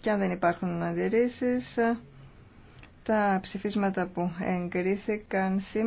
Και αν δεν υπάρχουν αντιρρήσεις, τα ψηφίσματα που εγκρίθηκαν σήμερα